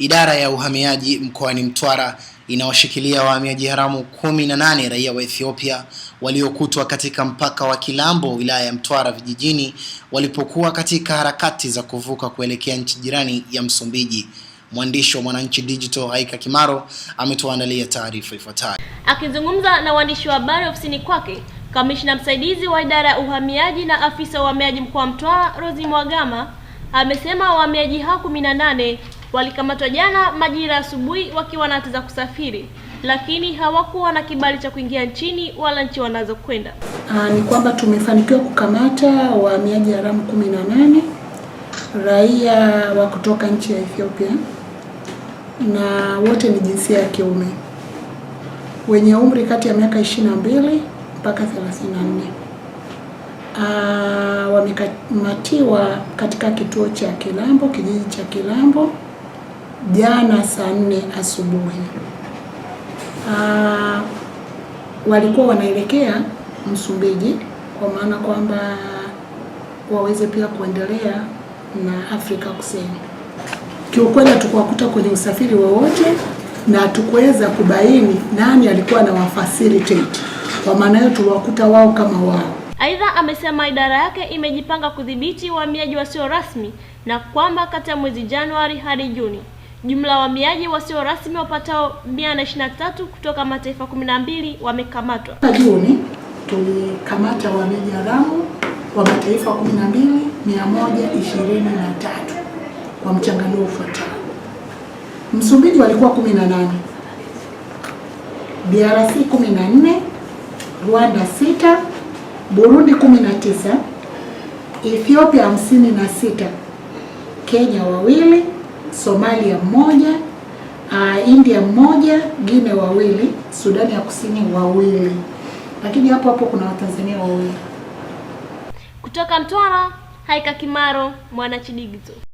Idara ya uhamiaji mkoani Mtwara inawashikilia wahamiaji haramu kumi na nane raia wa Ethiopia waliokutwa katika mpaka wa Kilambo wilaya ya Mtwara vijijini walipokuwa katika harakati za kuvuka kuelekea nchi jirani ya Msumbiji. Mwandishi wa Mwananchi Digital Haika Kimaro ametuandalia taarifa ifuatayo. Akizungumza na waandishi wa habari ofisini kwake, kamishna msaidizi wa idara ya uhamiaji na afisa wa uhamiaji mkoa wa Mtwara Rosi Mwagama amesema wahamiaji hao kumi na nane walikamatwa jana majira asubuhi wakiwa na hati za kusafiri, lakini hawakuwa na kibali cha kuingia nchini wala nchi wanazokwenda. Ah, ni kwamba tumefanikiwa kukamata wahamiaji haramu kumi na nane raia wa kutoka nchi ya Ethiopia na wote ni jinsia ya kiume wenye umri kati ya miaka 22 mpaka 34. Ah, wamekamatiwa katika kituo cha Kilambo, kijiji cha Kilambo jana saa nne asubuhi uh, walikuwa wanaelekea Msumbiji kwa maana kwamba waweze pia kuendelea na Afrika Kusini. Kiukweli hatukuwakuta kwenye usafiri wowote na hatukuweza kubaini nani alikuwa na wafacilitate, kwa maana hiyo tuliwakuta wao kama wao. Aidha, amesema idara yake imejipanga kudhibiti uhamiaji wasio rasmi na kwamba kati ya mwezi Januari hadi Juni Jumla wahamiaji wasio rasmi wapatao 123 kutoka mataifa 12 wamekamatwa. Juni tulikamata wahamiaji haramu wa mataifa 12 123 kwa mchanganuo ufuatao: Msumbiji walikuwa 18, DRC 14, Rwanda 6, Burundi 19, Ethiopia 56, Kenya wawili Somalia mmoja, uh, India mmoja, Guinea wawili, Sudani ya Kusini wawili, lakini hapo hapo kuna Watanzania wawili. Kutoka Mtwara, Haika Kimaro, Mwananchi Digital.